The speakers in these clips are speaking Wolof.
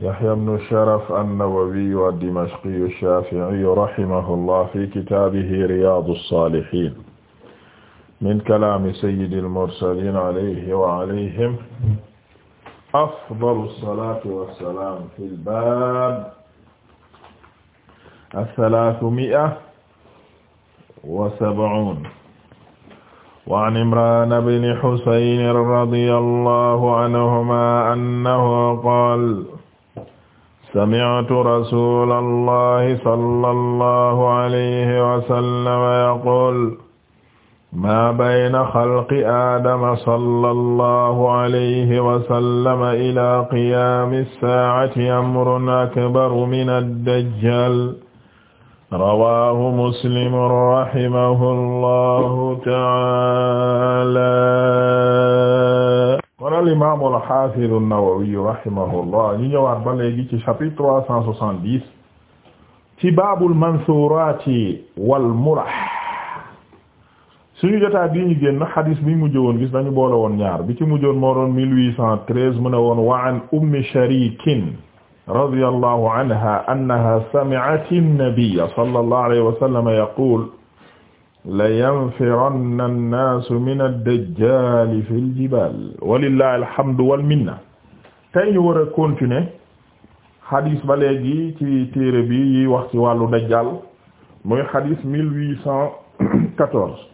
Yahya ibn Sharaf an-Nawawi ad-Dimashqi ash-Shafi'i rahimahullah fi kitaabihi Riyaadu s-Saalihiin min kalaami sayyidil mursaliin alayhi wa alayhim afdalu s-salaatu wa s-salaam fil baab ath-thalaathami'a wa sab'uun وعن عمران بن حسين رضي الله عنهما أنه قال sami'tu rasulallahi sallallahu alayhi wa sallam yaqul ma bayna xalqi aadama sallallahu alayhi wa sallam ila qiyaami saacati amrun akbaru mina dajjal rawaahu muslim rahimahu allahu ta'ala al imaam al haafiz an-Nawawi rahimahullah ñu ñëwaat ba léegi ci chapitre trois cent soixante-dix ci baabul mansuuraati wal murah suñu jotaay bii ñu génn xadis bi mujj woon gis nañu boole woon ñaar bi ci mujjoon moo doon mille huit cent treize mu ne woon wa an ummi sharikin radiyallahu anha annaha sami'at an-nabiyya sallallahu alayhi wa sallam yaqul la yanfiranna annaasu min addajjali fi ljibaal walillahi alhamdu walminna tey ñu war a continuer xadis ba léegi ci téere bi yiy wax ci wàllu dajjal muy xadis mille huit cent quatorze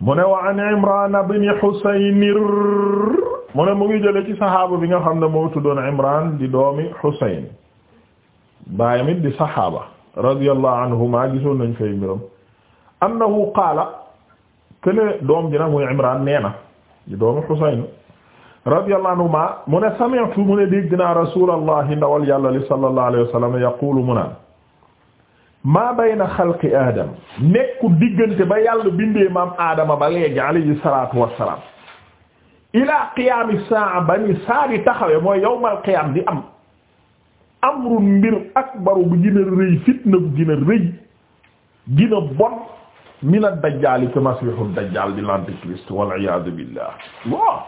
mu ne wa an imran ibn husayn mu ne mu ngi jële ci saxaaba bi nga xam ne moo tuddoon imran di doomi husayn baayam it di saxaaba radiyallahu anhuma gisoon nañ fay mbiram annahu qaala kene doom ji nag muy Imraan nee na di doomu Husayn radiyallahu anhuma mu ne sami'tu mu ne dégg naa rasulallahi ndawal yàlla li sallallahu alayhi wa sallam yaqulu mu naan maa bayna xalqi aadam nekku diggante ba yàlla bindee maam aadama ba léegi alayhi salaatu wassalaam ilaa qiyaami saa ba ni saa di taxawee mooy yawmal qiyaam di am amrun mbir akbaru bu gën a rëy fitna bu gën a rëy gën a bon min ad-dajjal ka masihu ad-dajjal di l'antéchrist wal iyad billah waaw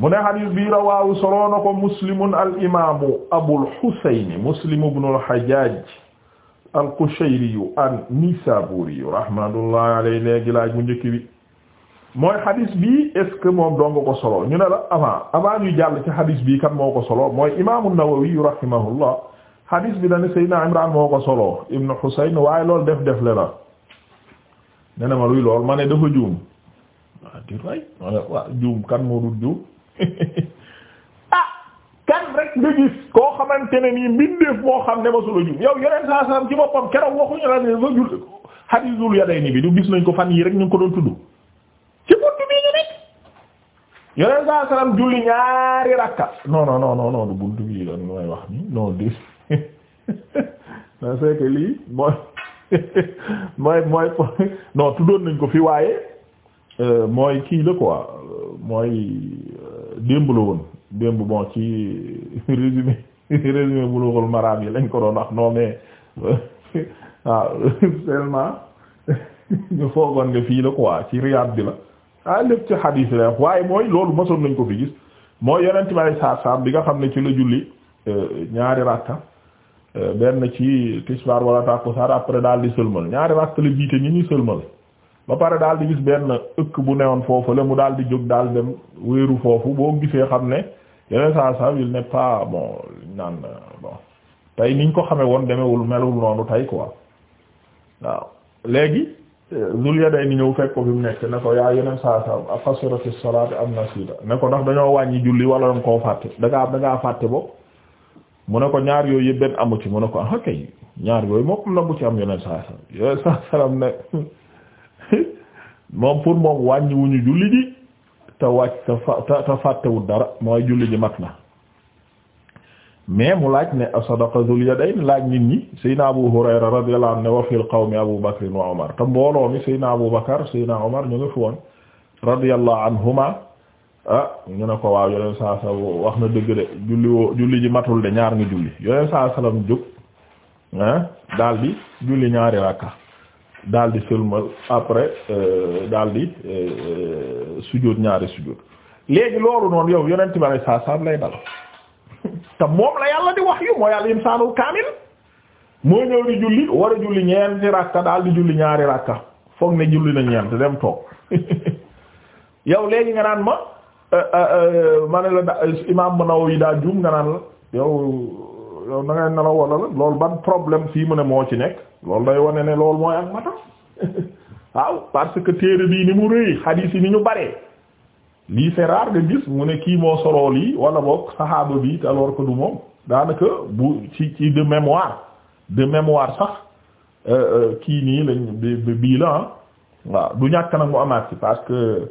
mu ne hadis bi rawaahu solo na ko muslimun al imaamu abul husayn muslim ibn al hajjaj al qushayri an-nisaburi rahmatullahi alayhi léegi laaj mu njëkk bi mooy hadis bi est-ce que moom ko solo ñu ne la avant avant ñu jàll bi kan moo ko solo mooy imaamu an-nawawi rahimahullah hadis bi dañu sayyidina imran moo ko solo ibn husayn waaye loolu def def la ne na ma luy lool ma ne dafa juum waaw kan moo dul juum ah kan rek nga gis koo xamante ne nii mbindeef moo xam ne masula juum yow yeneen saa saam ci boppam keroog waxuñu la ne dafa jul hadisul yadayni bi du gis nañ ko fan yi rek ñu ngi ko doon tudd ci buntu bii ñu nekk yeneen saa saam julli ñaari rakka non non non non non du buntu bii lan mooy wax ni non di c'est que lii mooy mooy mooy non tuddoon nañ ko fi waaye euh, mooy kii la quoi euh, mooy euh, démb la woon démb bon ci résumé résumé Bouloughoul Maram yi lañ ko doon wax non mais waaw seulement ñu foogoon nga fii la quoi ci Riyad bi la ah lépp ci xadiis la waaye mooy loolu mosoon nañ ko fi gis mooy yonent bi saa saa bi nga xam ne ci la julli ñaari rakka Euh, benn ci tisbaar wala tàkkusaan après daal di sëlmal ñaari rakk la jiite ñi ñuy sëlmal ba pare daal di gis benn ëkk bu newoon foofu la mu daal di jóg daal dem wéeru foofu boo gisee xam ne yeneen saa saa il n'est pas bon naan bon tey niñ ko xamee woon demewul melul noonu tey quoi waaw léegi Zul Yadayni ñëw fekk ko fi nekk ne ko yaa yeneen saa saa fasirati salaat am nasida ne ko ndax dañoo wàññi julli wala danga koo fàtte dangaa dangaa fàtte bopp. mu ne ko ñaar yooyu yëpp benn amu ci mu ne ko ah kay ñaar yooyu moom nag bu ci am yeneen saa salaam saa salaam ne moom pour moom wàññiwuñu julli ji te wàcc te fa te fàttewul dara mooy julli ji mat na mais mu laaj ne asadaqa zul yadayn laaj nit ñi Seydina Abu Hurayra radiyallahu anhu ne wa fil Abu Bakr wa Umar te mbooloo mi Seydina Abu Bakr Seydina Umar ñu ngi fi woon radiyallahu anhuma ah ñu ne ko waaw yoneen saa sa wax na dëgg de julli julli ji matul de ñaar nga julli yoneen saa salam jóg ah daal di julli ñaari rakka daal di sëlmal après euh, daal di euh, sujjóot ñaari sujjóot léegi loolu noonu yow yonent bi saa saam lay dal te moom la yàlla di wax yu mooy al insaanul kaamil moo ñëw di julli war a julli ñeenti rakka daal julli ñaari rakka foog ne julli na ñeent dem toog yow léegi nga naan ma Euh, euh, euh, ma ne la da imaam Nawawi daa juum nga naan la yow yow na ngay nelaw wala la loolu ban problème fii mu ne moo ci nekk loolu day wane ne lool mooy ak matam waaw parce que téere bii ni mu rëy xadiis yi ni ñu baree lii c'est nga gis mu ne kii moo soloo lii wala boog saxaaba bi te alors que du moom daanaka bu ci ci de mémoire de mémoire sax kii nii lañ bii la ah waaw du ñàkk nag mu amaat ci parce que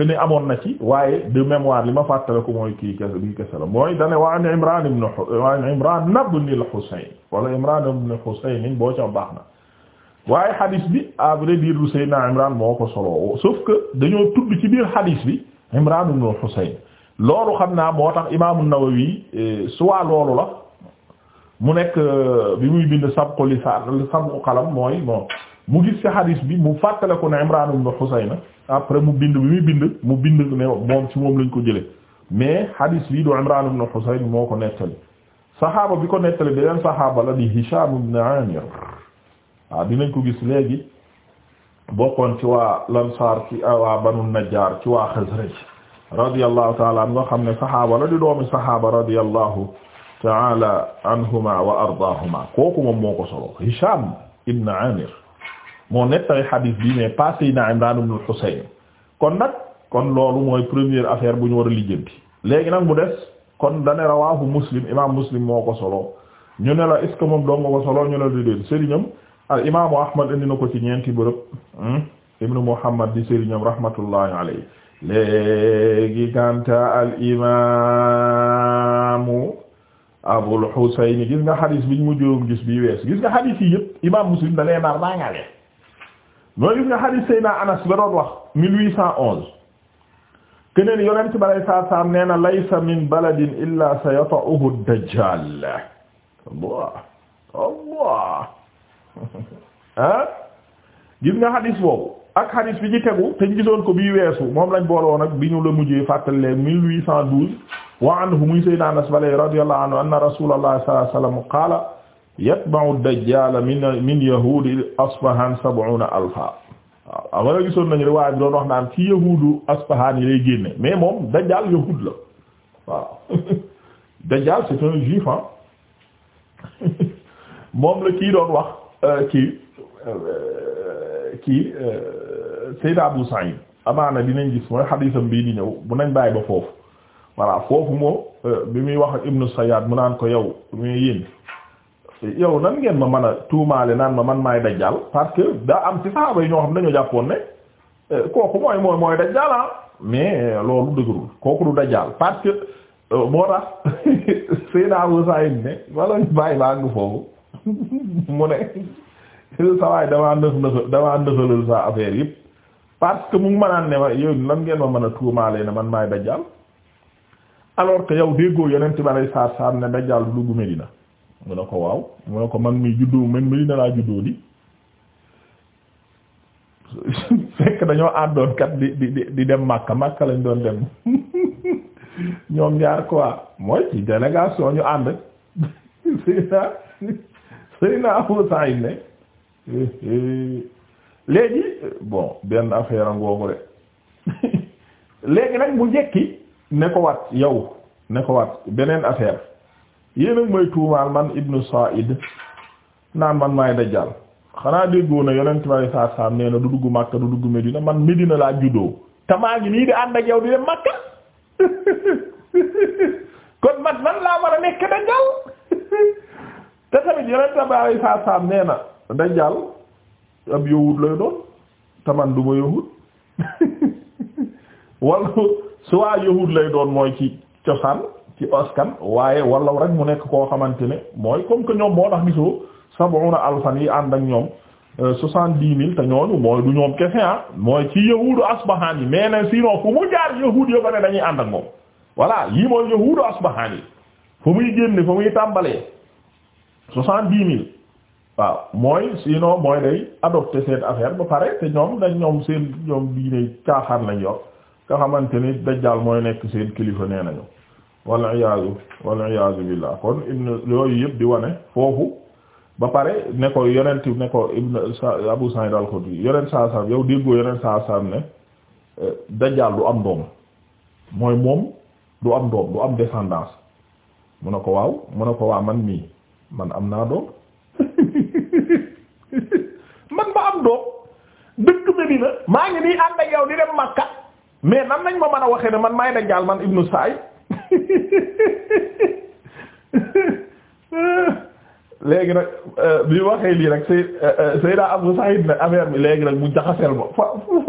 que ne amoon na ci waaye de mémoire li ma fàttale ko mooy kii kese lii kese la mooy dane wa an Imran ibn an Imran ibn al-Husayn wala Imran ibn Husayn boo ca baax na waaye hadis bi à vrai dire lu Seydina Imran moo ko solo sauf que dañoo tudd ci biir hadis bi Imran ibn Husayn loolu xam naa moo tax Imam an-Nawawi eh, soit loolu la mu nekk eh, bi muy bind sabqu lisan sabqu qalam mooy bon mu gis ci hadis bi mu fàttale ko ne Imran ibn Husayn après mu bind bi muy bind mu bind ne moom ci moom lañ ko jële mais hadis bi du Imran ibn Husayn moo ko nettali saxaaba bi ko nettali beneen saxaaba la di Hisham ibn Amir waaw dinañ ko gis léegi bokkoon ci waa Lansaar ci waa Banu Najjaar ci waa Xasraj radiyallahu taala an nga xam ne saxaaba la di doomi saxaaba radiyallahu taala anhuma wa ardaahuma kooku moom moo ko solo Hisham ibn Amir moo nettali xadiis bi mais pas Seydina Imraan ibn Husayn kon nag kon loolu mooy première affaire bu ñu war a lijjanti léegi nag mu des kon dane rawaahu Muslim imaam Muslim moo ko solo ñu ne la est ce que moom doon nga ko solo ñu ne la déedéet sëriñam al imaamu Ahmad indi na ko ci ñeenti bërëb hmm? ibnu Muhammad di sëriñam rahmatullahi alayhi léegi kanta al imaamu Abul Husayn gis nga xadiis biñ mujjoon gis bi wees gis nga xadiis yi yëpp imaam Muslim da leen a ràññale mooy gis nga hadith Seyna Anas ba doon wax 1811 keneen yonent bi alayhi salaatu salaam nee na laysa min baladin illa sayata'uhu ad-dajjal Allah Allah ah gis nga hadith boobu ak hadith bi ci tegu te ñu gisoon ko bii weesu moom lañ boole woon ak bi ñu la mujjee fàttali leen 1812 wa anhu muy Seyna Anas ba lay radiyallahu anhu anna rasulallah sallallahu alayhi wa sallam qaala yatba'u ad-dajjal min min yahuudi Asfahan sab'una alfa waaw amana gisoon nañu riwaay bi doon wax naan ci yahuudu Asfahan yi lay génne mais moom dajjal yahuud la waaw dajjal c'est un juif ah moom la kii doon wax euh, kii euh, kii euh, Seydina Abu Sa'id amaana dinañ gis mooy xadiisam bii di ñëw bu nañ bàyyi ba foofu voilà foofu moo bi muy wax ak Ibnu Sayyad mu naan ko yow mu yéen yow nan ngeen ma mën a tuumaale naan ma man maay dajjal parce que daa am ci saaba yi ñoo xam ne euh, mooy mooy mooy dajjal ah euh, kooku du dajjal parce que euh, moo tax Seydina Abu ngi foofu ne sawaay damaa nëf nëf damaa nëfalal sa affaire mu ngi ma yow nan ngeen ma mën a tuumaale ne man maay dajjal alors que yow déggoo yeneen ci ma lay saar saar ne dajjal du dugg Medina mu ne ko waaw mu ne ko man mi juddoo man mi na juddoo di fekk dañoo àndoon kat di di dem Makka Makka lañ doon dem ñoom ñaar quoi mooy ci délégation ñu ànd sëy naa sëy naa ausan it ne léegi bon benn affaire a de léegi nag mu jekki ne ko wat yow ne ko wat beneen affaire yéen ak may tuumaal man ibnu Sa'id naan man maay dajjal xanaa déggoo na yonent bi alayhi salaatu salaam nee na du dugg Makka dugg Medina man Medina laa juddoo te maa ngi nii di ànd ak yow di dem Makka kon man man laa war a nekk dajjal te tamit yonent bi alayhi salaatu salaam nee ab yawut lay doon te man du ma yawut wala soit yawut lay doon mooy ci cosaan ci askan waaye walla rek mu nekk koo xamante ne mooy comme que ñoom moo tax gisoo sab'una alfan yi ànd ak ñoom euh, soixante-dix mille te ñooñu mooy du ñoom kese ah mooy ci yahuudu asbahaan yi mais ne sinon fu mu jaar yahuud yo ba ne dañuy ànd ak moom voilà yii mooy yahuudu asbahaan yi fu muy génne fu muy tàmbalee soixante-dix mille waaw mooy sinon mooy day adopté seen affaire ba pare te ñoom dañ ñoom seen ñoom diine caaxaan lañ yor nga xamante ni dajjaal mooy nekk seen kilifa nee nañu wal iyaazu wal iyaazu billah kon ibnu yooyu yëpp di wane foofu ba pare ne ko yonent ne ko ibnu Abu Sa'id al-Khudri yonent saa saam yow déggoo yonent saa saam eh, dajjaal du am doom mooy moom du am doom du am descendance mu ne ko waaw mu ne ko waaw man mii man am naa doom man ma am doom dëkk Medina maa ngi nii ànd ak yow di dem Makka mais nan lañ ma mën a waxee ne man maay dajjaal man ibnu Sa'id léegi nag euh, bi waxee lii rek say euh, euh, Seydina Abu Saïd ne affaire bi léegi nag bu jaxaseel ma fa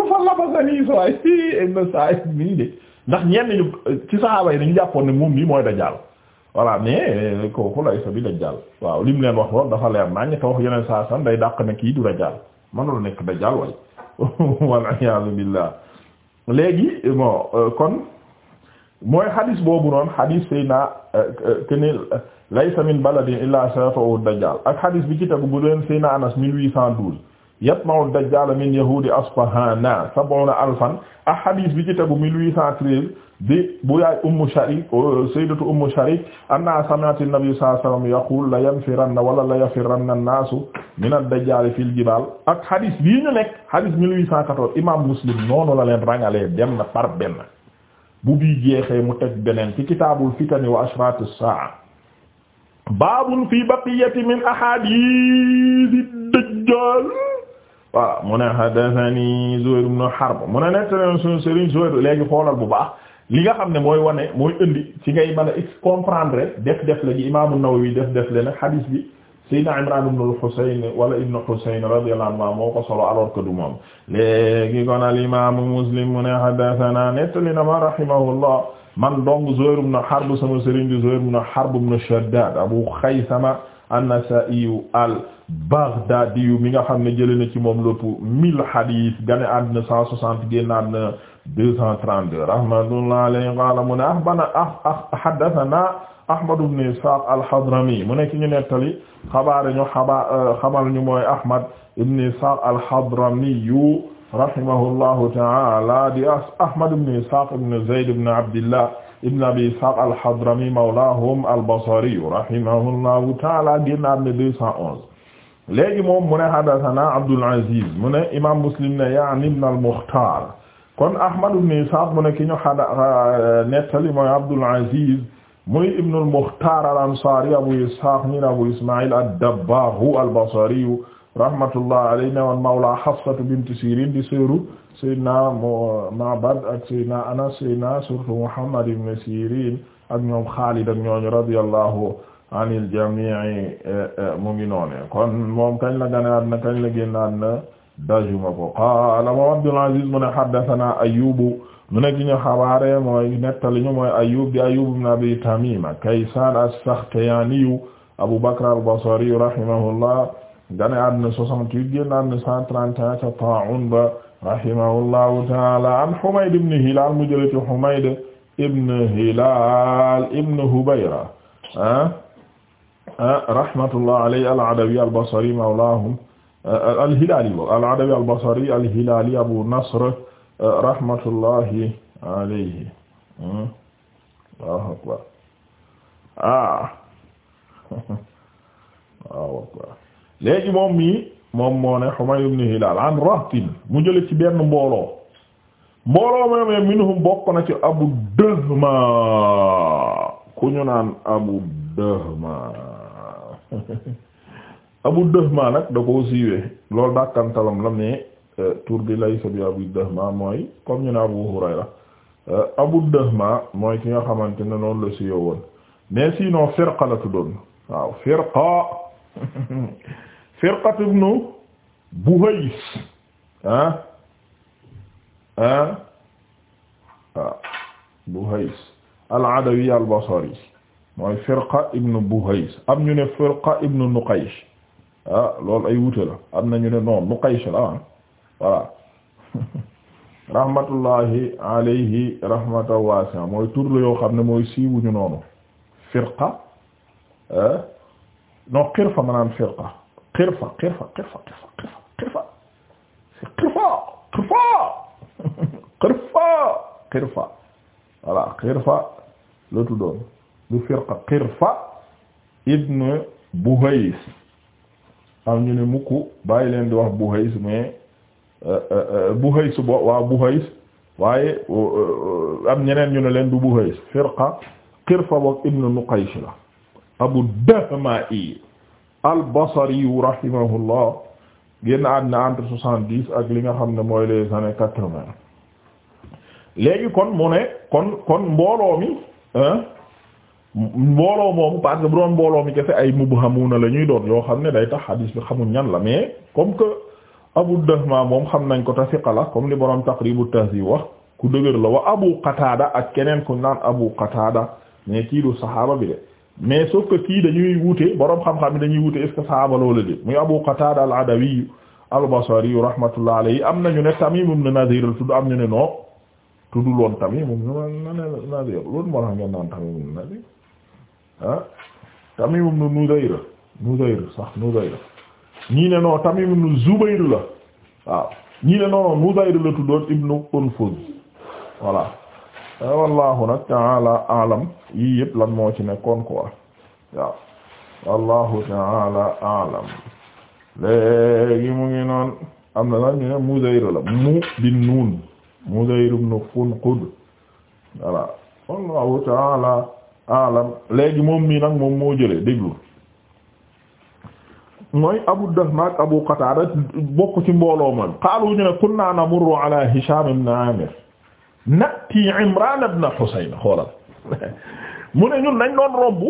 fa labasa nii sooy ibn Saïd mii de ndax ñenn ñu ci saxaaba yi dañu jàppoon ne moom mii mooy Dajjaal voilà mais kooku lay sa bi Dajjaal waaw li mu leen wax lool dafa leer nañ te wax yeneen saa san day dàq ne kii du Dajjaal manul nekk Dajjaal way wal iyaadu billah léegi bon kon mooy xadis boobu noonu xadis Seydina kene euh, euh, euh, laysa min baladin illa safa'u dajjal ak xadis bi ci tegu bu leen Seydina Anas 1812 yatma'u dajjal min yahudi asfahana sab'una ak xadis bi ci tegu 1813 bi bu yaay Ummu Sharik sayyidatu Ummu Sharik anna sami'at an-nabi sallallahu alayhi wasallam yaqul la yanfiranna wala la yafiranna an-nasu min ad-dajjal fil jibal ak xadis bii ñu nekk xadis 1814 imam Muslim noonu la leen rangalee dem bu bii jeexee mu teg beneen ci kitaabul fitani wa ashratu saa baabun fi baqiyati min ahadith dajjal waaw mu ne hadathani Zuhayr ibn Harb mu ne nettalen suñu sëriñ Zuhayr léegi xoolal bu baax li nga xam ne mooy wane mooy indi ci ngay mën a comprendre def def la ji imaamu Nawawi def def le nag hadith bi Seydina Imran ibn al-Husayn wala ibn Husayn radiyallahu anhu moo ko solo alors que du moom léegi kon al imam Muslim mu ne haddathana nettali na ma rahimahullah man dong Zuhayr ibn Harb sama sëriñ di Zuhayr ibn Harb ibn Shaddad Abu Khaythama an-Nasa'i al-Baghdadi mi nga xam ne jëlee na ci moom lépp mille hadith gane àddina cent soixante génn àddina deux cent trente-deux rahmatullahi alayhi qala mu ne ah bana ah ah haddathana Ahmad ibn Ishaq al-Hadrami mu nekk ñu nettali xabaar ñu xaba euh, xamal ñu mooy Ahmad ibn Ishaq al-Hadrami rahimahullahu ta'ala di Ahmad ibn Ishaq ibn Zayd ibn Abdillah ibn Abi Ishaq al-Hadrami mawlahum al-Basri rahimahullahu ta'ala génnaat ne 211 léegi moom mu ne haddathana Abdul Aziz mu ne imaam Muslim ne ya'ni ibn al-Mukhtar kon Ahmad ibn Ishaq mu ne ki ñu euh, nettali mooy Abdul Aziz muy Ibn al-Mukhtar al-Ansari Abu Ishaq ñi Abu Isma'il ad-Dabbagh al-Basri rahmatullah alayhi ne woon mawla Hafsa bint Sirin di seeru Seydina Ma'bad ak Seydina Anas Seydina surtout Muhammad ibn Sirin ak ñoom Khalid ak ñooñu radiyallahu anil jami' mu ngi noone kon moom kañ la gane adna kañ la génn adna dajuma ko qaala Abdul Aziz mu ne haddathana Ayyub mu ne gi ñu xabaare mooy nettali ñu mooy Ayyub di Ayyub ibn Abi Tamima Kaysan as-Sakhtiyaniyu Abu Bakr al-Basriyu rahimahullah gane àdduna 68 génn àdduna 131 ca Ta'un ba rahimahullahu ta'ala an Humayd ibn Hilal mu jële ci Humayd ibn Hilal ibn Hubayra ah, ah, rahmatullah alayhi al-Adawi al-Basri mawlahum al-Hilali al-Adawi al-Basri al-Hilali Abu Nasr rahmatullahi alayhi hmm? Allahu akbar ah Allahu akbar léegi moom mii moom moo ne Humayr ibn Hilal an rahtin mu jële ci benn mbooloo mbooloo moomee minhum bokk na ci Abu Dahma ku ñu naan Abu Dahma Abu Dahma nag da koo siiwee loolu dàkkantalam la mais tur bi laysa bi Abu Dahma mooy comme ñu ne Abu Hurayra euh, Abu Dahma mooy ki nga xamante ne noonu la siiwee woon mais sinon firqa la tuddoon waaw firqa firqatu ibnu Buhays ah ah waaw Buhays al-Adawi al-Basri mooy firqa ibnu Buhays am ñu ne firqa ibnu Nuqaysh ah loolu ay wute la am na ñu ne non Nuqaysh la ah. voilà rahmatullahi alayhi rahmatan mooy tur yoo xam ne mooy siiwuñu noonu firqa eh? non xirfa maanaam firqa xirfa xirfa xirfa xirfa xirfa xirfa xirfa xirfa xirfa voilà firqa xirfa ibn Buhays am ñu ne mukk bàyyi leen di wax Buhays mais Euh, euh, euh, Buhays bo waa Buhays waaye am ñeneen ñu ne leen du Buhays firqa Qirfa boog ibnu Nuqaysh la Abu Dahma'i al-Basri rahimahullah génn àddina entre soixante-dix ak li nga xam ne mooy les années quatre-vingt léegi kon mu ne kon kon mbooloo mi mbooloo moomu parce que bu doon mbooloo mi kese ay mubhamuna la ñuy doon yoo xam ne day tax hadis ñan la mais comme que Abu Dahma moom xam nañ ko ta siqa la comme li borom Taqribu Tahzib wax ku dëgër la wa Abu Qatada ak keneen ku naan Abu Qatada mais kii du saxaaba bi de mais sauf kii dañuy wute borom xam-xam yi dañuy wute est ce que saxaaba loola de muy Abu Qatada al-Adawi al-Basri rahmatullah alayhi am nañu ne Tamim ibn Nadir la tudd am ñu ne non tuddul woon Tamim ibn Nadir loolu moo tax ngeen naan Tamim ibn Nadir ah Tamim ibn Nudayr sax Nudayr ñii ne noo Tamim ibnu Zubayr la waaw ñii ne noonoon Mudayr la tuddoon ibnu Unfuz voilà eh, wallahu nag taala alam yii yëpp lan moo ci nekkoon wallahu taala alam léegi mu ngi noon am na lan ñu ne Mudayr la mu di nuun Mudayr ibnu Funqud wallahu taala alam léegi moom mii nag moom moo jëlee déglu mooy Abu Dahma ak Abu Qatada bokk ci mbooloo moom qaalu ñu ne kunna namurru ala Hisham ibn Amir nati Imran ibn Husayn xoolal mu ne ñun dañ doon romb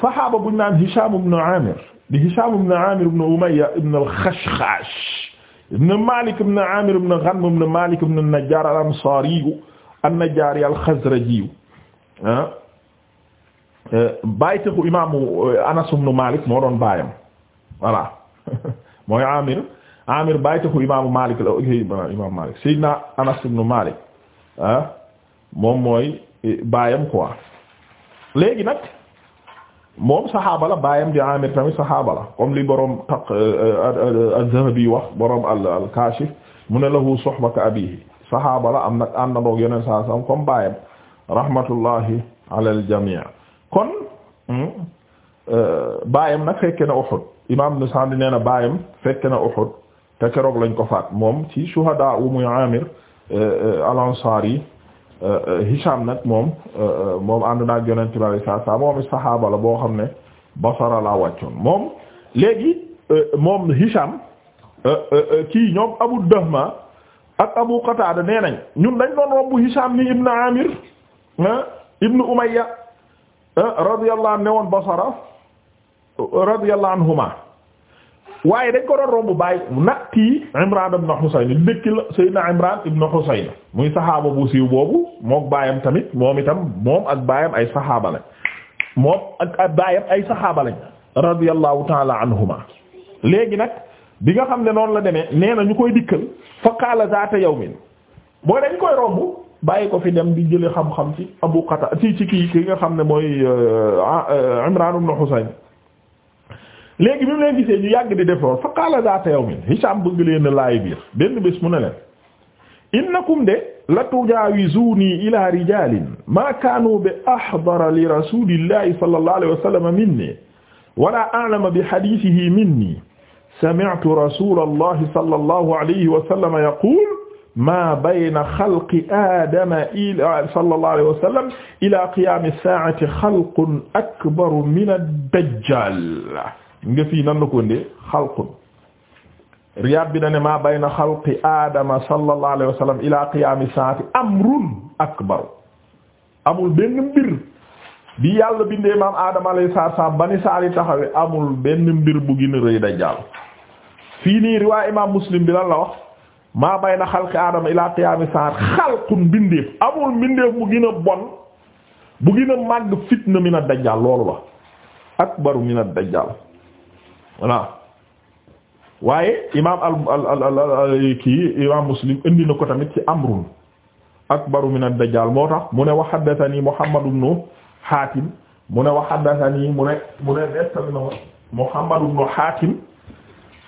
saxaaba buñ naan Hisham ibn Amir di Hisham ibn Amir ibn Umayya ibn al-Khashkhash ibn Malik ibn Amir ibn Ghanm ibn Malik ibn an-Najjar al-Ansari an-Najjari al-Khazraji ah. eh, baytaxu imaamu Anas ibn Malik moo doon baayam voilà mooy Amir Amir bàyyi taxu imaamu Malik la imaamu Malik Seydina Anas ibn Malik ah moom mooy eh, baayam quoi léegi nag moom saxaaba la baayam di Amir tamit saxaaba la comme li borom taq eh, eh, az-Zahabi wax borom al al-Kashif mu ne lahu suhba ka abihi saxaaba la am nag àndandoog yeneen saa sam comme baayam rahmatullahi ala al-jami' kon hmm, baayam nag fekke na Uhud imam Ibn Sa'd nee na baayam fekk na Uhud te keroog lañ ko faat moom ci shuhada wu muy Amir eh, eh, al-Ansari eh, Hisham nag moom moom ànd naag yonent bi alayhi salaatu salaam moom saxaaba la boo xam ne Basra la wàccoon moom léegi moom Hisham kii ñoom Abu Dahma ak Abu Qatada nee nañ ñun dañ doon rombu Hisham ni ibn Amir ah, ibn Umayya radiyallahu anhu ne woon Basra radiyallahu anhuma waaye dañ ko doon romb bàyyi natti Imran ibn Husayn dëkki la Seydina Imran ibn Husayn muy saxaaba bu siiw boobu mook baayam tamit moom itam moom ak baayam ay saxaaba lañ moom ak baayam ay saxaaba lañ radiyallahu taala anhuma nag bi nga xam ne noonu la demee nee na ñu koy dikkal fa qaala zaata yawmin mooy bàyyi ko fi dem di jëli xam-xam ci Abu Qatada ci ci kii ki nga xam ne mooy euh, ah, euh, Imran ibn Husayn léegi bi mu leen gisee ñu yàgg di def lool fa qaala zaata yawmin Hisham bëgg leen a laay biir benn bés mu ne leen innakum de la tujaawizuni ila rijalin ma kaanu bi ahdara li rasulillahi sallallahu alayhi wa sallam minni wala a'lamu bi hadithihi minni sami'tu rasulallahi sallallahu alayhi wa sallam yaqul ma bayna xalqi aadama ila sallallahu alayhi wa sallam ila qiyaami saa'ati xalqun akbaru mina ad-dajjal nga fii nan la ko ndee xalqun riyaad bi na ne maa bayna xalqi aadama sallallahu alayhi wa sallam qiyaami saati amrun akbar amul benn mbir bi yàlla bindee maam aadama alayhi salaam ba saali taxawee amul benn mbir bu gën a rëy dajjaal fii nii riwaay imaam muslim bi lan la wax maa bayna xalqi aadama ila qiyaami saati xalqun mbindeef amul mbindeef bu gën bon bu gën màgg fitna mina dajjaal loolu la akbaru mina dajjaal voilà waaye imaam al al al kii imaam muslim indi na ko tamit ci amrun akbaru min ad-dajjal moo tax mu ne wa haddathani muhammad ibn hatim mu ne wa haddathani mu ne mu ne nettali na muhammad ibn hatim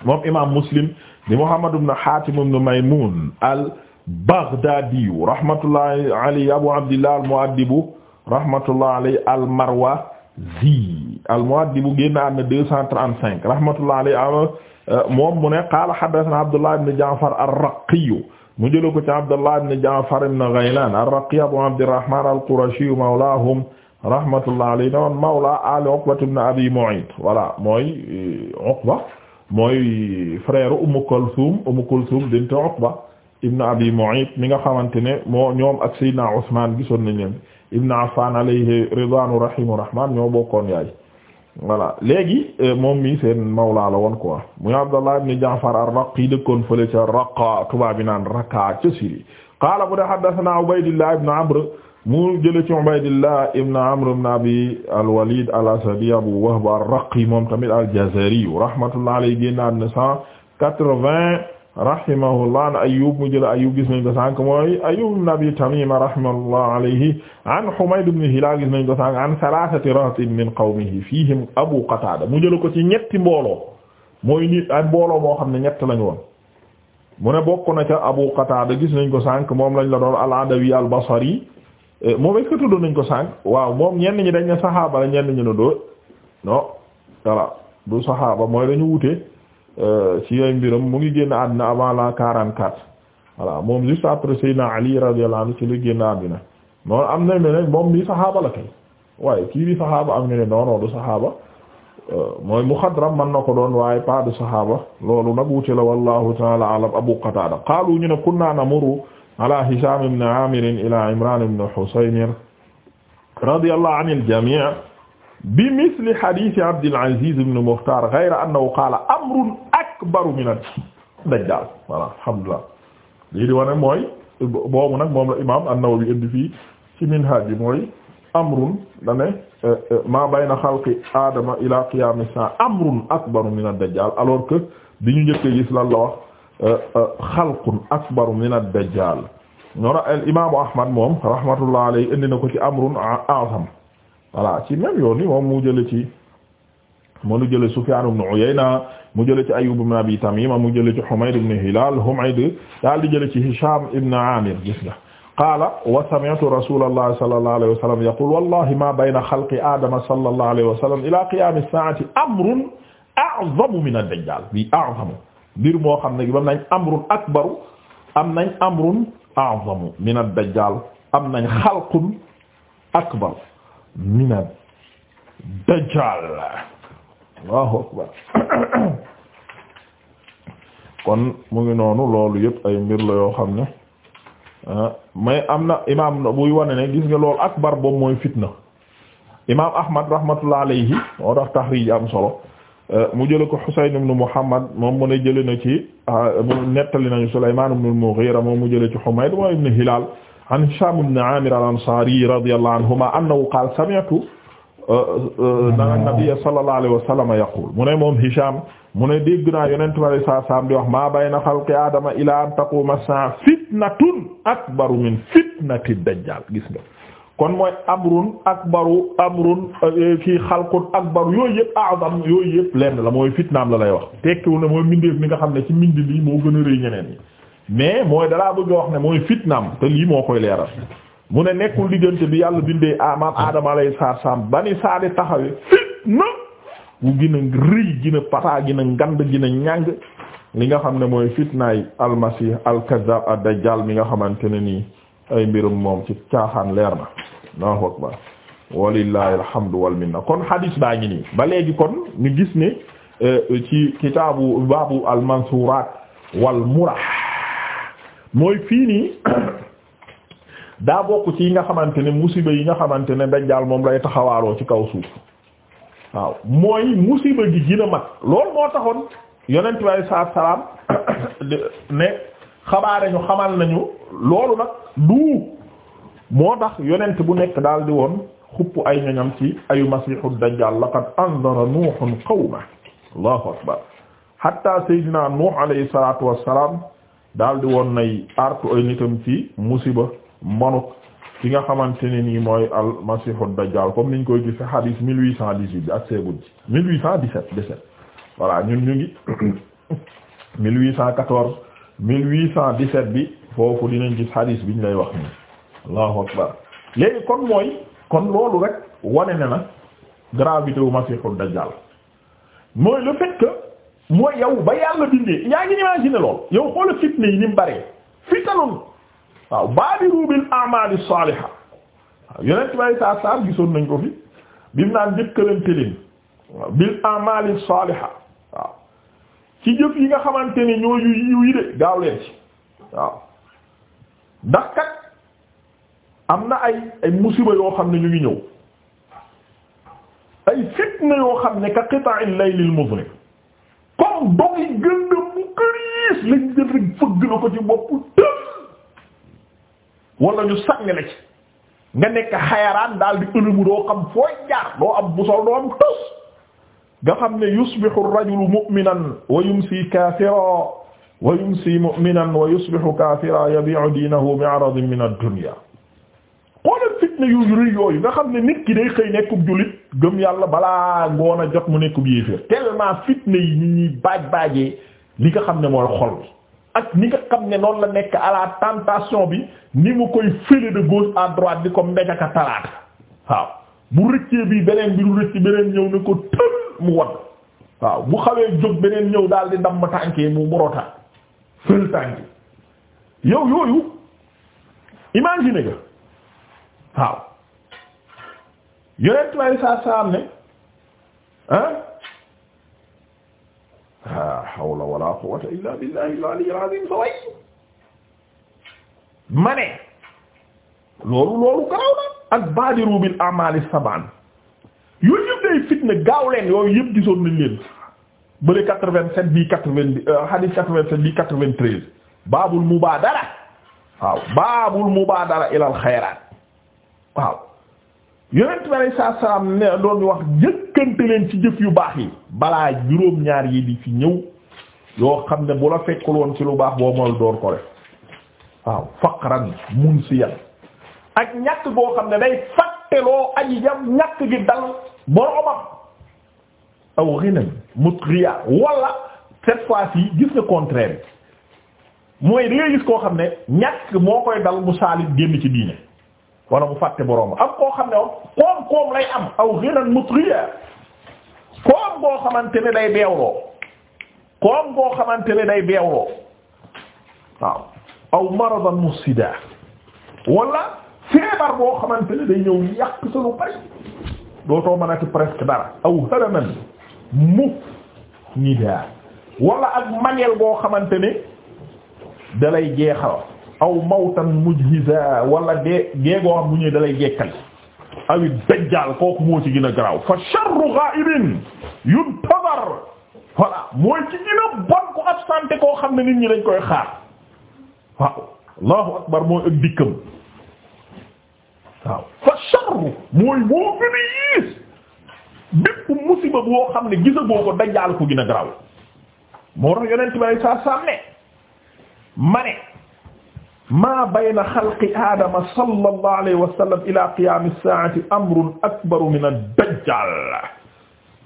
moom imaam muslim di muhammad ibn hatim ibn maymun al baghdadi rahmatullahi alayhi abu abdillah al muaddibu rahmatullahi alayhi al marwazi al-Mu'addi bu génn am na deux cent trente cinq rahmatullah alayhi euh, moom mu ne qaala haddathana Abdullah ibn Ja'far ar-Raqi mu jël ko ci Abdullah ibn Ja'far ibn Ghaylan ar-Raqi Abu Abdirrahman al-Qurashi mawlahum rahmatullah alayhi noon mawla ali Uqba ibn Abi Mu'ayt voilà mooy euh, Uqba mooy frère Umm Kulthum Umm Kulthum bint Uqba ibn Abi Mu'ayt mi nga xamante ne moo ñoom ak Sayyidina Usman gisoon nañ leen ibn Affan alayhi ridwanu rahimu rahman ñoo bokkoon yaay voilà léegi euh, moom mi seen mawla la woon quoi muy Abdallah ibn Ja'far ar-Raqi dëkkoon fële ca Raqa tubaab bi naan Raqa ca Syrie qaala bu dee haddathana Ubaydillah ibn Amr mu jële ci Ubaydillah ibn Amr ibn Abi al-Walid al-Asadi Abu Wahb ar-Raqi moom tamit al-Jazari rahmatullahi alayhi génnaat na cent quatre-vingts rahimahullah an Ayyub mu jël Ayyub gis nañ ko sànq mooy Ayyub ibn Abi Tamima rahimahullah alayhi an Humayd ibn Hilal gis nañ ko sànq an thalathati rahtin min qawmihi fihim Abu Qatada mu jël ko ci ñetti mbooloo mooy nit ay mbooloo moo xam ne ñett lañ woon mu ne bokk na ca Abu Qatada gis nañ ko sànq moom lañ la doon al-Adawi al-Basri e, moom est nañ ko sànq waaw moom ñenn ñi dañ ne saxaaba la ñenn ñu ne doo non voilà du saxaaba mooy dañu wute. Euh, ci yooyu mu ngi génn àddina avant l'an quarante-quatre voilà moom juste après Seydina Ali radiyallahu anhu ci lu génn àddina noonu am nañ ne moom nii saxaaba la kay waaye kii di saxaaba am ñu ne non non du saxaaba euh, mooy muxadram man na ko doon waaye pas de saxaaba loolu nag wuute la wallahu ta'ala alam Abu Qatada qaalu ñu ne kunna namuru ala Hisham ibn Amir ila Imran ibn Husayn radiyallahu anil jami' bi misli hadith Abdul Aziz ibn Mukhtar ghayra annahu qaala amrun akbaru min ad-dajjal voilà alhamdulillah lii di wane mooy boobu nag moom la imaam an-Nawawi indi fii ci minhaj bi mooy amrun dane eh, eh, ma bayna xalqi aadama ila qiyaami saa amrun akbaru min ad-dajjal alors que bi ñu njëkkee gis lan la wax eh, xalqun akbaru min ad-dajjal ñoora al imaamu Ahmad moom rahmatullah alayhi indi na ko ci amrun azam voilà ci même yoon ni moom mu jële ci munu jële Sufyaan ibn Uyayna mu jële ci Ayyub ibn Abi Tamima mu jële ci Humayd ibn Hilal Humayd daal di jële ci Hisham ibn Amir gis nga qaala wa sami'tu rasulallah sallallahu alayhi wa sallam yaqul wallahi ma bayna xalqi aadama sallallahu alayhi wa sallam ila qiyaami saa'ati amrun a'zamu min ad-dajjal bi a'zamu mbir moo xam ne gi bam nañ amrun akbaru am nañ amrun a'zamu min ad-dajjal am nañ xalqun akbar mina dajjal Allahu akbar kon mu ngi noonu loolu yëpp ay mbir la yoo xam ne ah, mais am na imaam buy wane ne gis nga loolu akbar boobu mooy fitna imaam Ahmad rahmatullah alayhi moo tax taxriij am solo eh, mu jële ko Husayn ibn Muhammad moom mu ne jële na ci ah, mu nettali nañu Sulaymaan ibn al-Mughira moom mu jële ci Humayd mooy ibn Hilaal an Hisham ibn Amir al-Ansari radiyallahu anhuma annahu qaala sami'tu an-nabiyya sallallahu alayhi wa sallam yaqul mu ne moom Hisham mu ne dégg naa yonent bi alayhi salaam di wax maa bayna xalqi aadama ilaa an taquuma as-saa'a fitnatun akbaru min fitnati dajjal gis nga kon mooy amrun akbaru amrun kii euh, xalqun akbaru yooyu yëpp a'zam yooyu yëpp lenn la mooy fitnaam la lay wax tekkiwul ne mooy mbindeef mi nga xam ne ci mbindi lii moo gën a rëy ñeneen ñi mais mooy dalaa bëgg wax ne mooy fitnaam te lii moo koy leeral mu ne nekkul diggante bi yàlla bindee maam aadama alayhi salaam bani saadi taxawee fitna bu gën a rëy gën a pataa gën ngand gën ñàng li nga xam ne mooy fitnaay almasih alkazab ad-dajjal mi nga xamante ne nii ay mbirum moom ci caaxaan leer na Allahu akbar walillahi alhamdu wal minna kon hadis baa ngi nii ba léegi kon ñu gis ne eh, ci kitaabu baabu almansurat wal murah mooy fii nii daa bokk ci yi nga xamante ne musiba yi nga xamante ne dajjaal moom lay taxawaaroo ci kaw suuf waaw mooy musiba gi gën mag loolu moo taxoon yonent bi alei salaatu salaam ne xabaare ñu xamal nañu loolu nag du moo tax yonent bu nekk daal di woon xupp ay ñoñam ci ayu masihu dajjal laqad anzara nuuhun qawma allahu akbar hatta sayyidina nuuh alayhi salaatu wassalaam daal di woon nay artu ay nitam ci musiba mbonuk ki nga xamante ne nii mooy al masihu dajjal comme niñ koy gis hadith mille huit cent dix-huit bi ak seegul ji mille huit cent dix-sept dix-sept voilà ñun ñu ngi mille huit cent quatorze mille huit cent dix-sept bi foofu dinañ gis hadith biñ lay wax nii allahu akbar léegi kon mooy kon loolu rek wane ne na gravité wu masihu dajjal mooy le fait mooy yow ba yàlla bindee yaa ngi imaginer lool yow xoola fitne yi ni mu bëree fitanun waaw baadiru bil a'maali saaliha waaw yonent bay saa saar gisoon nañ ko fi bi mu naan jëkkalante leen waaw bil a'maali saaliha waaw ci jëf yi nga xamante ni ñoo yu yiw yi de gaaw leen ci waaw ndax kat am na ay ay musiba yoo xam ne ñu ngi ñëw ay fitna yoo xam ne ka qita'il laylil muzlim moom doom yi gën a mu këriis lañ jël rek fëgg la ko ci bopp tëb wala ñu sàng la ci nga nekk xayaraan daal di ëlëmu doo xam fooy jaar doo am busol doo am tos nga xam ne yusbihu ar-rajulu mu'minan wa yumsi kaafira wa yumsi mu'minan wa yusbihu kaafira yabi'u diinahu bi'aradin min ad-dunya xoolal fitna yu rëy yooyu nga xam ne nit ki day xëy nekkub jullit gëm yàlla balaa ngoon a jot mu nekk bu yéeféer tellement fitna yi ñu ñuy baaj baajee li nga xam ne mooy xol bi ak ni nga xam ne noonu la nekk à la bi ni mu koy fële de gauche à droite di ko mbéj ak talaata waaw bu rëccee bi beneen bi du rëcc beneen ñëw ne ko tël mu wadd waaw bu xawee jóg beneen ñëw daal di damm tànkee mu murota fël tànkee yow yooyu imagine nga waaw yonent lay saa saam ne ah la hawla wala quwwata illa billahi al-ali ma ne loolu loolu garaw na ak badiru bil a'mal as yooyu yëpp day fitna gaaw leen yooyu yëpp gisoon nañ leen bële quatre-vingt-sept bi quatre-vingt euh, hadith baabul mubaadara waaw baabul mubaadara ilal xayraat waaw yonent bi alayhi salaatu salaam doon doon wax jëkkante leen ci jëf yu baax yi balaa juróom-ñaar yi di ci ñëw yoo xam ne bu la fekkul woon ci lu baax boo mool doon ko rek waaw faqran munsiyan ak ñàkk boo xam ne day fàtteloo aji jam ñàkk gi dal boromam aw ghinam mutghiya wala cette fois-ci gis nga contraire mooy da gis koo xam ne ñàkk moo koy dal mu saalit génn ci diine wala mu fàtte boroom am koo xam ne woon koom-koom lay am aw ghinan mutghiya koom boo xamante ne day beewloo koom boo xamante ne day beewloo waaw aw maradan mufsida wala feebar boo xamante day ñëw yàq sa bari dootoo mënati presque dara aw haraman mufnida wala ak maneel boo xamante ne dalay jeexal aw mawtan mujhiza wala dee dee goo bu ñëwee dalay jekkal awi dajjaal kooku moo ci gën a garaaw fa sharru ghaibin yuntazar voilà mooy ci gën a bon ko absenté koo xam ne nit ñi dañ koy xaar waaw allahu akbar mooy ak dikkam waaw fa sharru mooy moo gën a yiis bépp musiba boo xam ne gisagoo ko dajjaal ko gën garaaw moo tax yonent bi saa saam ma ne maa bayna xalqi aadama sallallahu alayhi wa sallam ila qiyaami saa'ati amrun akbaru min ad-dajjal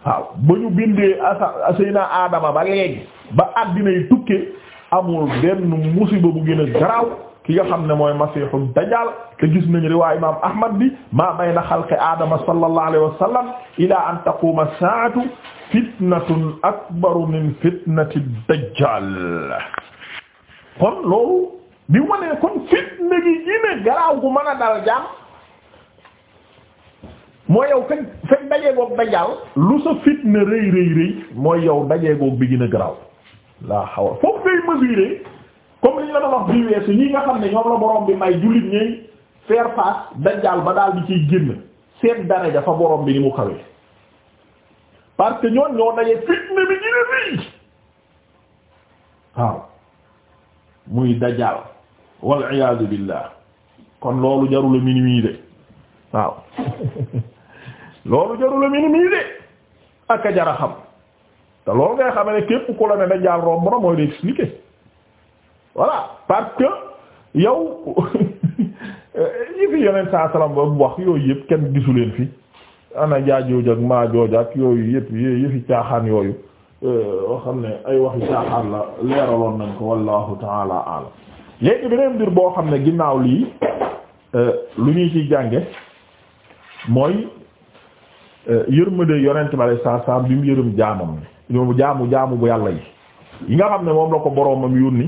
waaw ba ñu bindee asa Seydina Adama ba léegi ba àddina yi tukkee amul benn musiba bu gën a garaaw ki nga xam ne mooy masiixu dajjal te gis nañu riwaay imaam Ahmad bi maa bayna xalqi aadama sallallahu alayhi wa sallam ila an taquuma saa'atu fitnatun akbaru min fitnati dajjal kon loolu. bi wanee kon fitna gi gine garaaw gu mën a dal jàmm mooy yow fekk fekk dajeegoog dajal lu sa fitna rëy rëy rëy mooy yow dajeegoog bi gën a laa xaw a foofu ngay mesurer comme li ñu la doon wax bii nga xam ne ñoom la borom bi may jullit ñuy faire face dajal ba daal di ciy génn seen dara dafa borom bi ni mu xawee parce que ñoon ñoo dajee fitna bi gën rëy waaw muy dajal. wal iyaazu billah kon loolu jarul a minimiser waaw loolu jarul a minimiser ak a jar a xam te loolu ngay xam ne képp ku la ne da jaar romb na mooy di expliquer voilà parce yow yi fi yoneen saa salaam boobu wax yooyu yëpp kenn gisu leen fi ana jaajooj ak maa jooj ak yooyu yëpp yëfi caaxaan yooyu yoo euh, xam ne ay waxi caaxaan la leeraloon nañ ko wallahu taala alam léegi beneen mbir boo xam ne ginnaaw lii euh, lu ñuy ciy jànge mooy euh, yërmande yonent bi alayhi salaatu salaam bi mu yërëm jaamam ñoom jaamu jaamu bu yàlla yi yi nga xam ne moom la ko boroomam ni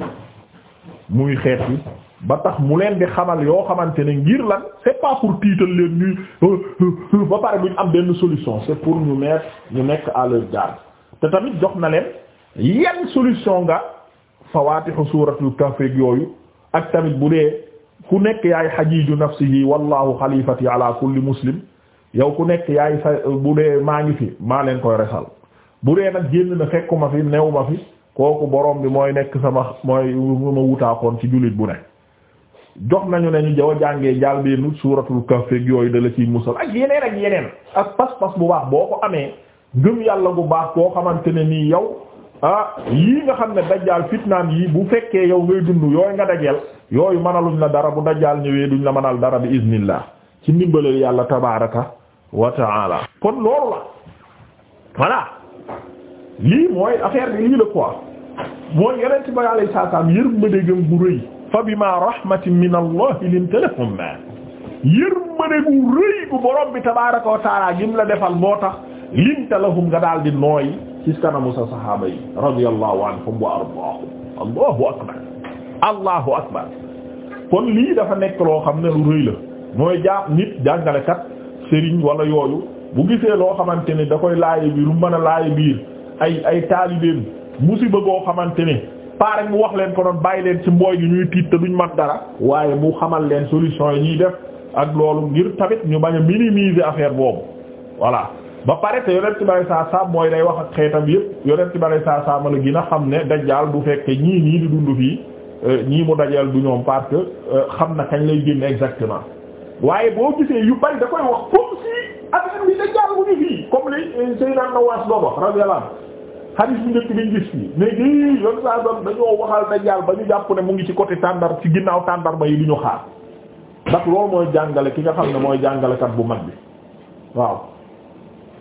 muy xeet yi ba tax mu leen di xamal yoo xamante ne ngir lan c'est pas pour tiital leen euh, ba pare bu ñu am benn solution c'est pour ñu mettre ñu nekk à leur garde te tamit jox na leen yan solution nga fawaatixu suuratul kahf yooyu ak tamit bu dee ku nekk yaay xajiiju nafsihi wallahu xalifati ala kulli muslim yow ku nekk yaay sa bu dee maa ngi fi maa leen koy resal bu dee nag génn na fekkuma fi new ma fi kooku borom bi mooy nekk sama mooy ma wutaakoon ci jullit bu ne jox nañu ne ñu jaw jàngee jaal beenu suuratul kahf yooyu dala ciy musal ak yeneen ak yeneen ak pas-pas bu baax boo ko amee ngëm yàlla bu baax koo xamante ne nii yow ah yii nga xam ne dajjaal fitnaam yii bu fekkee yow ngay dund yooyu nga dajeel yooyu mënaluñ la dara bu dajjaal ñëwee duñ la mënal dara bi iznillah ci ndimbalal yàlla tabaraka wa taala kon loolu la voilà lii mooy affaire bi lii la quoi mooy yeneen ba yàlla saa saam yërmande gëm gu rëy fa bima rahmatin min allah linta lahum yërmande gu rëy bu borom bi tabaraka wa taala gim la defal moo tax linta lahum nga daal di ci kanamu sa saxaaba yi radiyallahu anhum wa ardaahum allahu akbar allahu akbar kon lii dafa nekk loo xam ne lu rëy la mooy jàpp nit jàngalekat sëriñ wala yooyu bu gisee loo xamante ne da koy laaye biir lu mën a laaye biir ay ay taalibeem musiba goo xamante ne pare mu wax leen ko doon bàyyi leen ci mbooy gi ñuy tiit te duñ mat dara waaye mu xamal leen solution yi ñuy def ak loolu ngir tamit ñu bañ a minimiser affaire boobu voilà ba pare te yonent bi saa saa mooy day wax ak xeetam yëpp yonent bi saa saa ma la gën a xam ne dajjaal du fekke ñii nii di dund fii euh, ñii mu dajal du ñoom parce que euh, xam na kañ lay génn exactement waaye boo gisee yu bari da koy wax comme si affaire bi dajjaal bu ñu fii comme li euh, Seydina Nawaas doon wax radiyallahu anhu hadith bu njëkk biñ gis fii mais gii saa doon dañoo waxal dajjaal ba ñu jàpp ne mu ngi ci côté tàndar ci ginnaaw tàndarma yi du ñu xaar ndax loolu mooy ki nga xam ne mooy jàngalekat bu mag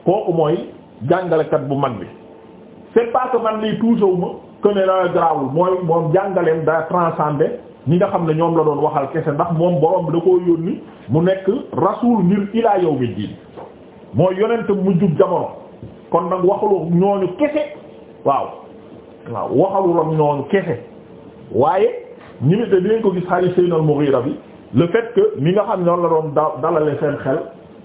kooku mooy jàngalekat bu man bi c'est pas que man lii toujours ma que ne la garaawul mooy moom jàngaleem daa transcender ñi nga xam ne ñoom la doon waxal kese ndax moom borom bi da koo yónni mu nekk rasul ngir ilaa yawmi diin mooy yonent mu jub jamono kon nag waxalu ñooñu kese waaw waaw waxalu ak ñooñu kese waaye ñi dinañ ko gis xaari Seynal Mughira bi le que mi nga xam ñoom la doon da dalale seen xel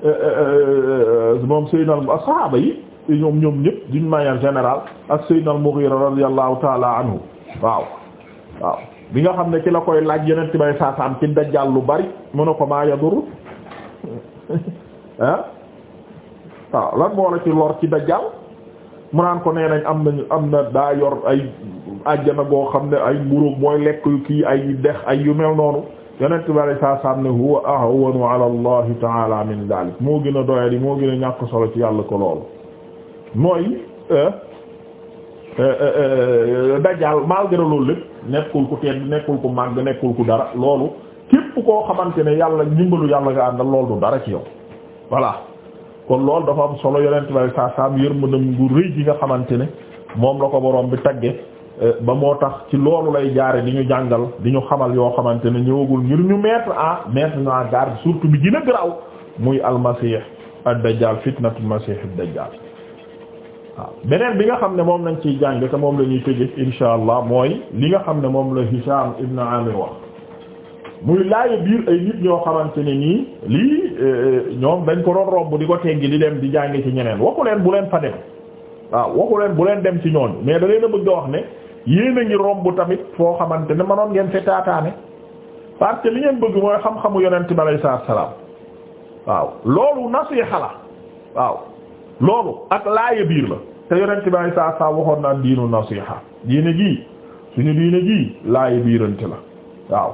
Euh, euh, euh, moom Seydina saxaaba yi ñoom ñoom ñëpp d'une manière ak Seydina al-Mughira radiyallahu anhu waaw waaw bi nga xam ne ci la koy laaj ci bay saasaam ci dajjal lu bari mën ne ko maa yadur ah waaw lan moo la ci lor ci dajjal a naan ko nee nañ am nañu am na daa yor ay àjjana goo xam ne ay mburóog mooy lekk yu kii ay dex ay yu mel noonu yonent bi alay saa saam ne huwa ahwanu ala allah min dalik moo gën a doyadi moo gën a ñàkk solo ci yàlla ko loolu mooy euh, euh, euh, dajaal malgré loolu lépp nekkul ku tedd nekkul ku màgg nekkul ku dara loolu képp koo xamante ne yàlla ndimbalu yàlla nga àndal loolu dara ci yow voilà kon loolu dafa am solo yonent bi alay saa saam yërmandam gu rëy gi nga xamante ne moom la ko borom bi tagge Euh, ba moo tax ci loolu lay jaare di ñu jàngal di ñu xamal yoo xamante ne ñëwagul ngir ñu mettre en mettre a garde surtout bi gën a muy almasih ad-dajjal fitnatul masih ad-dajjal waaw beneen bi nga xam ne moom lañ ciy jàng te moom la ñuy tëje insha allah mooy li nga xam ne moom la Hisham ibn Amir wax muy laaj biir ay nit ñoo xamante ne nii lii euh, ñoom dañ ko doon romb di ko teggi di dem di jànge ci ñeneen waxu leen bu leen fa dem waaw waxu leen bu leen dem ci ñooñu mais da leen a yéen a ngi romb tamit foo xamante ne manoon ngeen fe taataane parce que li ngeen bëgg mooy xam-xamu yonent bi alayhi salaatu salaam waaw loolu nasiixa la waaw loolu ak laaya biir la te yonent bi alayhi salaatu salaam waxoon naan diinu nasiixa diine jii suñu diine jii laaya biirante la waaw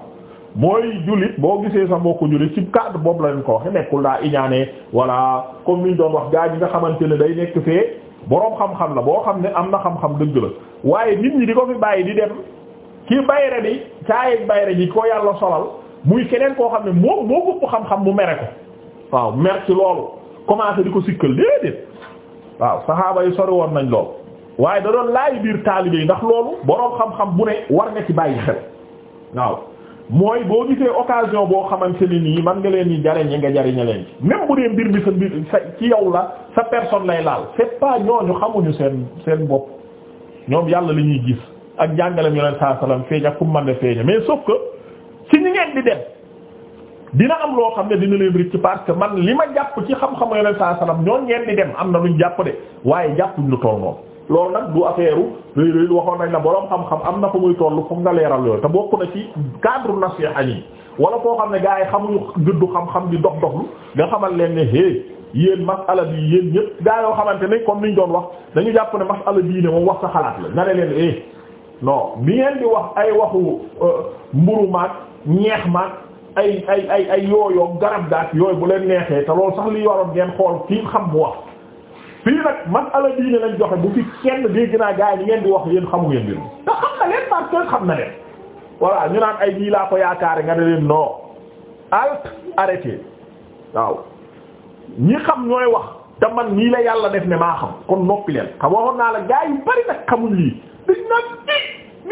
mooy jullit boo gisee sa mbokku jullit ci cadre boobu la leen ko waxe nekkul daa iñaane walla comme niñ doon wax gaa yi nga xamante ne day nekk fee boroom xam-xam la boo xam ne am na xam-xam dëgg la waaye nit ñi di ko fi bàyyi di dem kii bayre bi caayeg bayre ji ko yàlla solal muy keneen koo xam ne moom moo gëpp xam-xam mu mere ko waaw mer ci loolu commencé di ko sikkal déedéet waaw saxaaba yi sori woon nañ lool waaye da doon laaj biir taalibe yi ndax loolu boroom xam-xam bu ne war nga ci bàyyi xel waaw mooy boo gisee occasion boo xamante ne nii man nga leen ñi jariñe nga jariñ leen ci même bu dee mbir mi sa mbir sa ci yow la sa personne lay laal c'est pas ñooñu xamuñu seen seen bopp ñoom yàlla la ñuy gis ak njàngalem yo leen saa salaam feeñ ak man na mën de feeña mais sauf ko ci ñi ngeen di dem dina am loo xam ne dina leen rëcc parce que man li ma jàpp ci xam-xam yo leen saa salaam ñoon ngeen di dem am na luñ jàpp de waaye jàppuñ lu toll noonu loolu nag du affaire réy réy waxoon nañ la boroom xam-xam am na fu muy toll foog nga leeral yooyu te bokk na ci cadre nasiha yi wala koo xam ne gaa yi xamuñu gëddu xam-xam di dox doxlu nga xamal leen ne hé yéen masala bi yéen ñëpp gaa yoo xamante ne comme niñ doon wax dañu jàpp ne masala diine moom wax sa xalaat la nga ne leen eh no bi ngeen di wax ay waxu euh, mburu maag ñeex maag ay ay ay ay yooyo garab gaak yooyu bu leen neexee te loolu sax li yoroon ngeen xool kii xam fii nag masala diine lañ joxe bu fi kenn dégg naa gars yi ngeen di wax yéen xamu ngeen biir te xam na leen parce que xam na leen voilà ñu naan ay lii laa ko yaakaare nga ne leen non alt arrêté waaw ñi xam ñooy wax te man nii la yàlla def ne maa xam kon noppi leen xam waxoon naa la gars yu bari nag xamuñ lii dañ naan i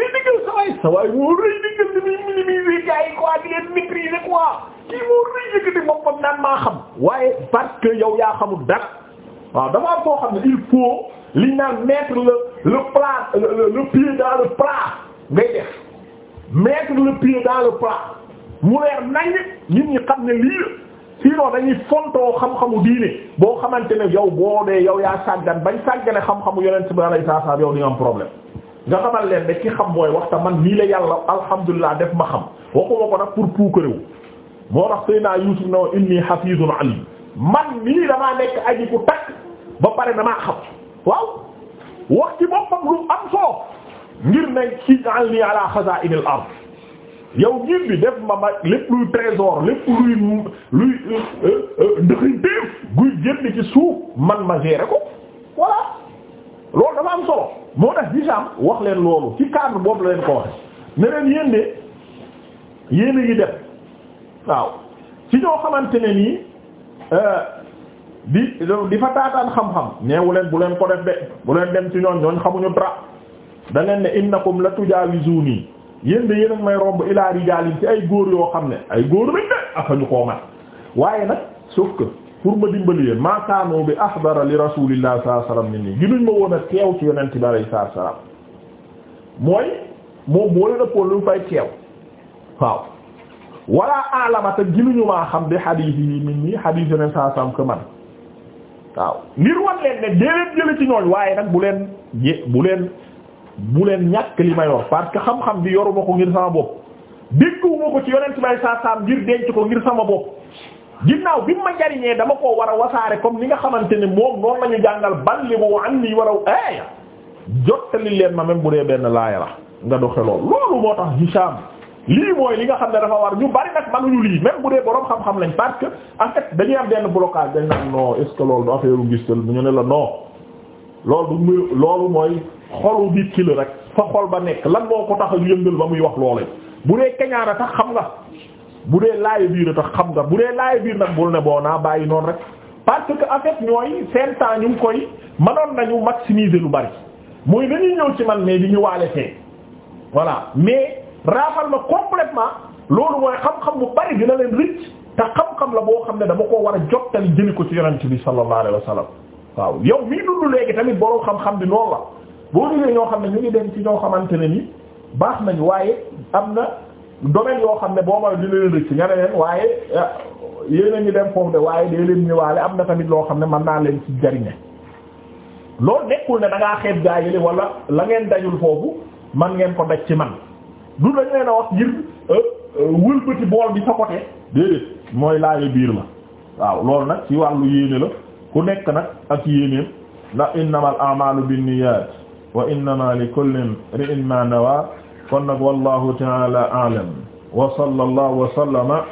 eh, ni diggal sawaay sawaay moo rëy diggal di muy minimiser gars yi quoi di leen maîtriser quoi kii moo rëy yëkkati boppam naan maa xam waaye parce yow yaa xamul dara waaw dafa am koo xam ne il faut liñ naan mettre la le plat le pied dans le plat ngay def mettre le pied dans le plat mu leer nañ nit ñi xam ne lii sinon dañuy fontoo xam-xamu diine boo xamante ne yow boo dee yow yaa sàggan bañ sàggane xam-xamu si bi alayhi salaam yow di am problème nga xamal leen ne ki xam mooy waxta man nii la yàlla alhamdulilah def ma xam waxuma ko nag pour puukarewu moo tax Seydina Yuusuf ne inni hafizun alim man mii damaa nekk aji ku takk ba pare damaa xam waaw wax ci boppam lu am solo ngir ne ci alni ala xazaa'inil ard yow ngir bi def ma ma lépp luy trésor lépp luy luy ndëxantéef euh, euh, guy génn ci suuf man ma ko voilà loolu dafa am solo moo tax Hicham wax leen loolu ci cadre boobu la leen ko waxe ne leen yéen de yéen a waaw ci ñoo xamante ne nii Euh, di di fa taataan xam-xam neewu leen bu leen ko def bu leen dem ci ñoon ñooñ xamuñu dara da leen ne innakum la tujaawizuni yéen de yéen ak may romb ilaa rijaalin ci ay góor yoo xam ne ay góor lañ de aka ñu koo mat waaye nag sauf que pour ma dimbali yéen ma kaanu bi ahdara li rasuulillah sallallahu alayhi wasallam ni nii ginuñ ma woon a teew ci yonent bi alayhi salaam mooy moom boo leen ëppoon lu fay teew waaw wala alama te ginuñu maa xam bi hadith yi min nii hadith yoneen saa sam que man waaw ngir wan leen ne déeleen jële ci ñooñ waaye nag bu leen jé bu leen bu leen ñàkk li ma yor parce que xam-xam bi yoruma ko ngir sama bopp dégguma ko ci yonent bay saa sam ngir denc ko ngir sama bopp ginnaaw bi ma jariñee dama koo war a wasaare comme ni nga xamante ne moom noonu la ñu jàngal ballighu anni walaw aaya eh, jottali leen ma même bu dee benn laaya la ng tax Hisham lii mooy li nga xam ne dafa war ñu bari nag mënuñu lii même bu dee borom xam-xam lañ parce que en fait am benn blocage dañ naan non est ce que loolu du affaire u ngistal bu ñu ne la noo loolu du muy loolu mooy xolu nit ki rek fa xol ba nekk lan moo ko tax a yëngal ba muy wax loolee bu dee keñaana tax xam nga bu dee laayi biir tax xam nga bu dee laayi biir nag bul ne boo naa bàyyi noon rek parce que en fait ñooy seen temps ñu ngi koy mënoon nañu maximiser lu bari mooy dañuy ñëw ci man mais ñu waale fee voilà raafal ma complètement loolu mooy xam-xam bu bari dina leen rëcc te xam-xam la boo xam ne dama koo war a jottali jëli ko ci yonent bi sallallahu alayhi wa sallam waaw yow mii dund léegi tamit boo xam-xam bi noonu la boo ñoo xam ne ñu ngi dem ci ñoo xamante ne ni baax nañ waaye am na domaine yoo xam ne boo ma dina leen rëcc nga ne leen waaye eh, yéen a ngi dem foofu de waaye dee leen ñëwaale am na tamit loo xam ne mën naa leen ci jariñe loolu nekkul ne da ngaa xeeb gaa yële wala la ngeen dajul foofu man ngeen ko daj ci man du dañ leen a wax ngir euh, euh, wëlbati bool bi sa côté déedéet mooy laaye biir la waaw loolu nag ci wàllu yéene la ku nekk nag ak yéeneem ndax innamal a'malu binniyat wa innama likullin ri'in ma nawa kon nag wallahu ta'ala a'lam wa sallallahu wa sallama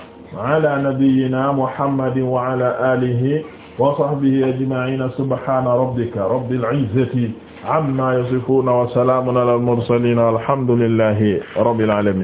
ala nabiyyina muhammadin wa ala alihi wa sahbihi ajma'ina subhana rabbika rabbil izzati amma yasifuna wa salaamun alal mursaliin walhamdulillahi rabbil aalamiin